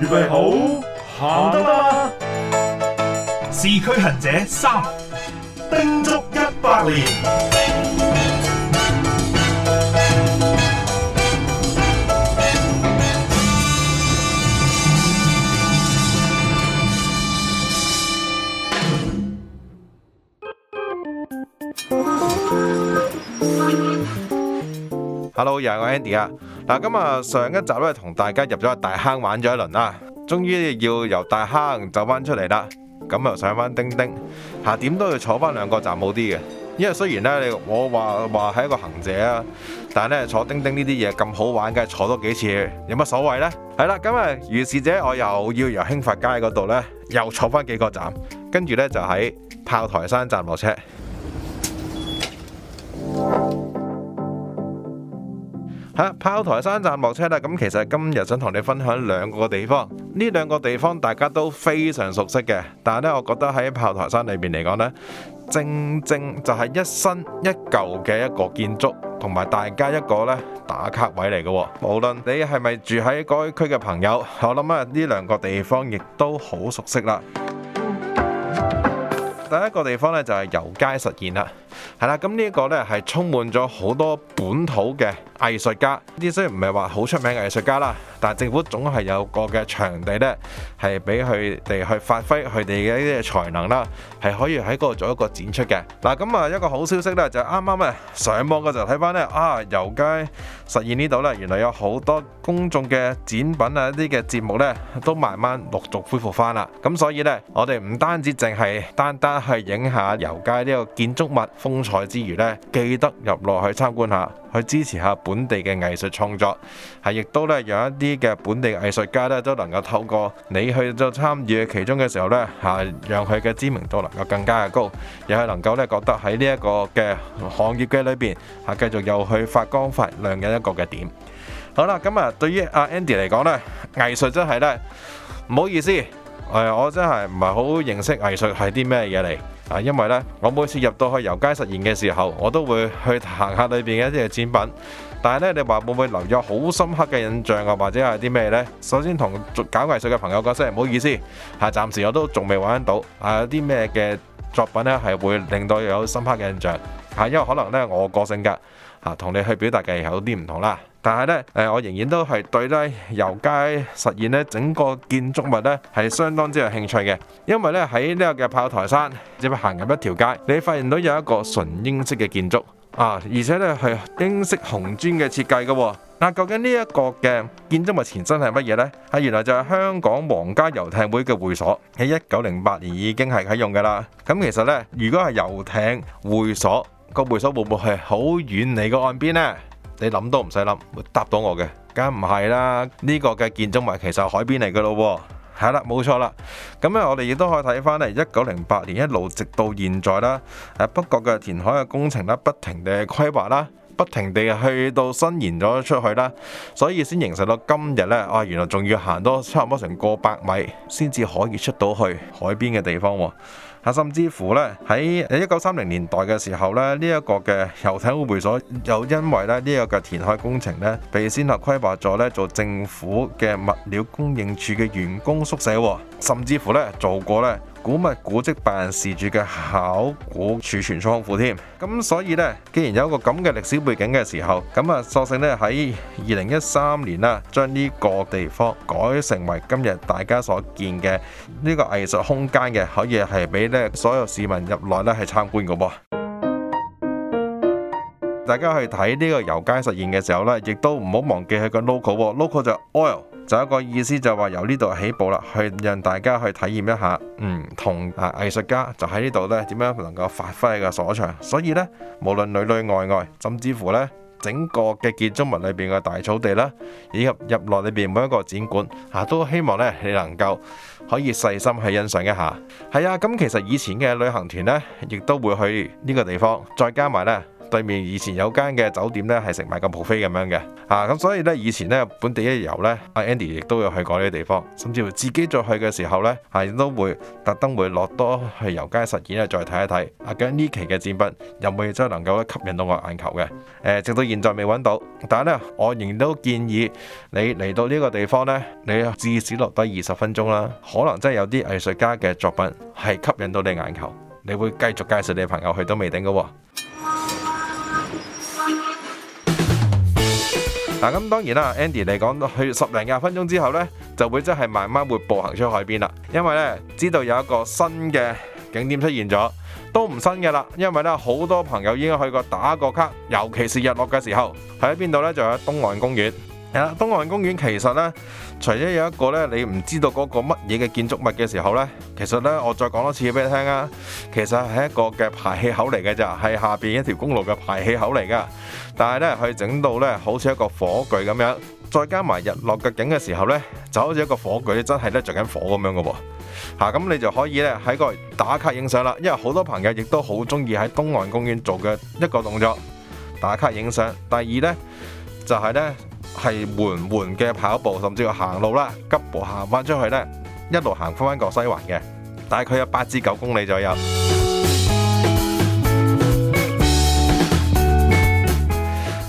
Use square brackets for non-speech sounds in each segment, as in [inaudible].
預備好行得啦嘛？市區行者三，叮足一百年。Hello，又係我 Andy 啊！嗱，咁啊，上一集咧同大家入咗個大坑玩咗一輪啦，終於要由大坑走翻出嚟啦，咁又上翻叮叮，吓點都要坐翻兩個站好啲嘅，因為雖然咧我話話係一個行者啊，但係咧坐叮叮呢啲嘢咁好玩，梗係坐多幾次有乜所謂呢？係啦，咁啊，如是者，我又要由興發街嗰度呢，又坐翻幾個站，跟住呢，就喺炮台山站落車。炮台山站落車啦，咁其實今日想同你分享兩個地方，呢兩個地方大家都非常熟悉嘅，但係咧，我覺得喺炮台山裏邊嚟講呢，正正就係一新一舊嘅一個建築同埋大家一個咧打卡位嚟嘅。無論你係咪住喺該區嘅朋友，我諗啊，呢兩個地方亦都好熟悉啦。第一個地方呢，就係油街實現啦。係啦，咁呢一個呢係充滿咗好多本土嘅藝術家，呢啲雖然唔係話好出名嘅藝術家啦，但係政府總係有個嘅場地呢，係俾佢哋去發揮佢哋嘅一啲嘅才能啦，係可以喺嗰度做一個展出嘅。嗱，咁啊一個好消息呢，就啱啱啊，上網嘅時候睇翻呢啊油街實現，呢度呢原來有好多公眾嘅展品啊，一啲嘅節目呢，都慢慢陸續恢復翻啦，咁所以呢，我哋唔單止淨係單單去影下油街呢個建築物。風采之餘咧，記得入落去參觀下，去支持下本地嘅藝術創作，係亦都咧，有一啲嘅本地藝術家咧都能夠透過你去就參與其中嘅時候呢，吓讓佢嘅知名度能夠更加嘅高，又係能夠咧，覺得喺呢一個嘅行業嘅裏邊，吓繼續又去發光發亮嘅一個嘅點。好啦，咁啊，對於阿 Andy 嚟講呢，藝術真係呢，唔好意思，誒，我真係唔係好認識藝術係啲咩嘢嚟。啊，因為咧，我每次入到去遊街實驗嘅時候，我都會去行下裏邊嘅一啲嘅展品。但係咧，你話會唔會留有好深刻嘅印象啊？或者係啲咩呢？首先同搞藝術嘅朋友講聲，唔好意思，啊，暫時我都仲未玩到啊，有啲咩嘅作品咧係會令到有深刻嘅印象。啊，因為可能咧我個性格啊同你去表達嘅有啲唔同啦。但係咧，誒，我仍然都係對咧油街實現咧整個建築物咧係相當之有興趣嘅，因為咧喺呢個嘅炮台山，只不過行入一條街，你發現到有一個純英式嘅建築啊，而且咧係英式紅磚嘅設計嘅喎。嗱，究竟呢一個嘅建築物前身係乜嘢咧？啊，原來就係香港皇家遊艇會嘅會所，喺一九零八年已經係啟用嘅啦。咁其實咧，如果係遊艇會所，個會所會唔會係好遠離個岸邊咧？你諗都唔使諗，會答到我嘅，梗唔係啦。呢個嘅建築物其實係海邊嚟嘅咯，係啦，冇錯啦。咁咧，我哋亦都可以睇翻咧，一九零八年一路直到現在啦。誒，北角嘅填海嘅工程咧，不停地規劃啦，不停地去到伸延咗出去啦，所以先形成到今日咧。啊，原來仲要行多差唔多成個百米先至可以出到去海邊嘅地方喎。甚至乎呢，喺一九三零年代嘅時候呢，呢、這、一個嘅遊艇會所又因為咧呢一個嘅填海工程呢，被先後規劃咗呢做政府嘅物料供應處嘅員工宿舍，甚至乎呢，做過呢。古物古蹟辦事處嘅考古儲存倉庫添，咁所以咧，既然有一個咁嘅歷史背景嘅時候，咁啊，索性咧喺二零一三年啦，將呢個地方改成為今日大家所見嘅呢個藝術空間嘅，可以係俾咧所有市民入內咧係參觀嘅噃。大家去睇呢個油街實現嘅時候咧，亦都唔好忘記佢個 logo，logo 就 oil。就有一個意思就話由呢度起步啦，去讓大家去體驗一下，嗯，同啊藝術家就喺呢度呢點樣能夠發揮嘅所長。所以呢，無論裏裏外外，甚至乎呢整個嘅建築物裏邊嘅大草地啦，以及入內裏邊每一個展館啊，都希望呢你能夠可以細心去欣賞一下。係啊，咁其實以前嘅旅行團呢，亦都會去呢個地方，再加埋呢。對面以前有間嘅酒店咧，係食埋個 buffet 咁樣嘅啊！咁所以咧，以前咧本地一日遊咧，阿 Andy 亦都有去過呢啲地方，甚至乎自己再去嘅時候咧，係都會特登會落多去遊街實演啊，再睇一睇啊！咁呢期嘅展品有冇真係能夠吸引到我眼球嘅？誒、呃，直到現在未揾到，但係咧，我仍然都建議你嚟到呢個地方咧，你至少落低二十分鐘啦。可能真係有啲藝術家嘅作品係吸引到你眼球，你會繼續介紹你朋友去都未定嘅喎。嗱，咁當然啦，Andy 嚟講，去十零廿分鐘之後呢，就會真係慢慢會步行出海邊啦。因為呢，知道有一個新嘅景點出現咗，都唔新嘅啦。因為呢，好多朋友已經去過打過卡，尤其是日落嘅時候，喺邊度呢？就喺東岸公園。係啦，東岸公園其實呢，除咗有一個咧，你唔知道嗰個乜嘢嘅建築物嘅時候呢，其實呢，我再講多次俾你聽啊。其實係一個嘅排氣口嚟嘅咋，係下邊一條公路嘅排氣口嚟噶。但係呢，佢整到呢好似一個火炬咁樣，再加埋日落嘅景嘅時候呢，就好似一個火炬真係呢着緊火咁樣嘅喎嚇。咁你就可以呢喺個打卡影相啦，因為好多朋友亦都好中意喺東岸公園做嘅一個動作打卡影相。第二呢，就係呢。係緩緩嘅跑步，甚至要行路啦，急步行翻出去呢，一路行翻翻過西環嘅，大概有八至九公里左右。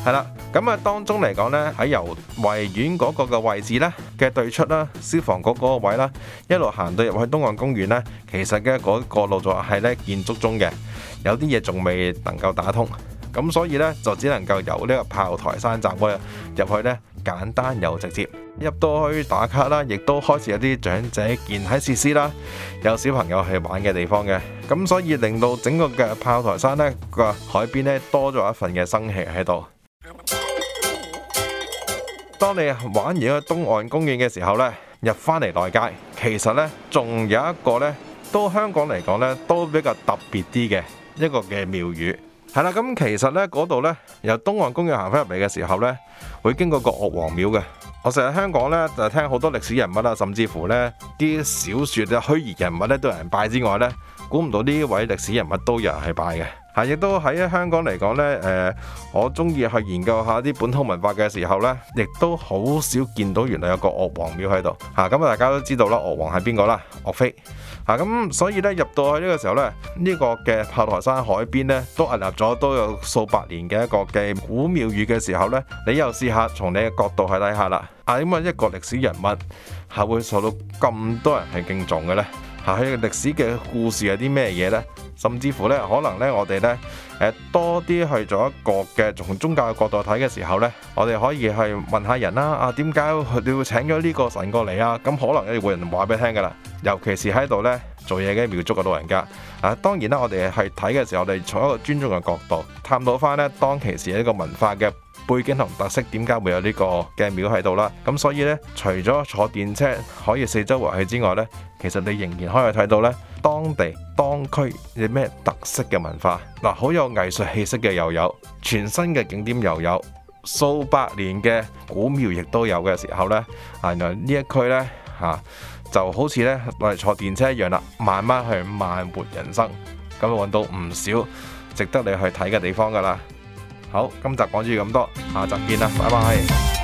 係啦，咁 [noise] 啊樂當中嚟講呢，喺由維園嗰個嘅位置呢嘅對出啦，消防局嗰個位啦，一路行到入去東岸公園呢，其實嘅嗰個路就係呢建築中嘅，有啲嘢仲未能夠打通。咁所以咧，就只能夠由呢個炮台山站入入去咧，簡單又直接，入到去打卡啦，亦都開始有啲長者健體設施啦，有小朋友去玩嘅地方嘅。咁所以令到整個嘅炮台山咧個海邊咧多咗一份嘅生氣喺度。當你玩完去東岸公園嘅時候咧，入翻嚟內街，其實咧仲有一個咧，都香港嚟講咧都比較特別啲嘅一個嘅廟宇。係啦，咁其實呢嗰度呢，由東岸公園行翻入嚟嘅時候呢，會經過個岳王廟嘅。我成日香港呢，就聽好多歷史人物啊，甚至乎呢啲小說嘅虛擬人物呢，都有人拜之外呢，估唔到呢位歷史人物都有人去拜嘅。吓，亦都喺香港嚟講呢，誒，我中意去研究下啲本土文化嘅時候呢，亦都好少見到原來有個岳王廟喺度。吓，咁啊，大家都知道啦，岳王係邊個啦？岳飛。啊，咁所以咧，入到去呢個時候咧，呢個嘅炮台山海邊咧，都屹立咗都有數百年嘅一個嘅古廟宇嘅時候咧，你又試下從你嘅角度去睇下啦，啊，點解一個歷史人物係會受到咁多人係敬重嘅咧？嚇！啊、的歷史嘅故事有啲咩嘢呢？甚至乎呢，可能呢，我哋呢，誒多啲去做一個嘅從宗教嘅角度睇嘅時候呢，我哋可以去問一下人啦、啊。啊，點解你要請咗呢個神過嚟啊？咁可能有啲人話俾你聽噶啦，尤其是喺度呢。做嘢嘅廟祝嘅老人家，嗱、啊、當然啦，我哋係睇嘅時候，我哋從一個尊重嘅角度探討翻呢當其時呢個文化嘅背景同特色，點解會有個呢個嘅廟喺度啦？咁所以呢，除咗坐電車可以四周圍去之外呢，其實你仍然可以睇到呢當地當區嘅咩特色嘅文化，嗱、啊、好有藝術氣息嘅又有全新嘅景點又有數百年嘅古廟亦都有嘅時候咧，啊原來呢一區呢。啊就好似咧落嚟坐電車一樣啦，慢慢去慢活人生，咁就揾到唔少值得你去睇嘅地方㗎啦。好，今集講住咁多，下集見啦，拜拜。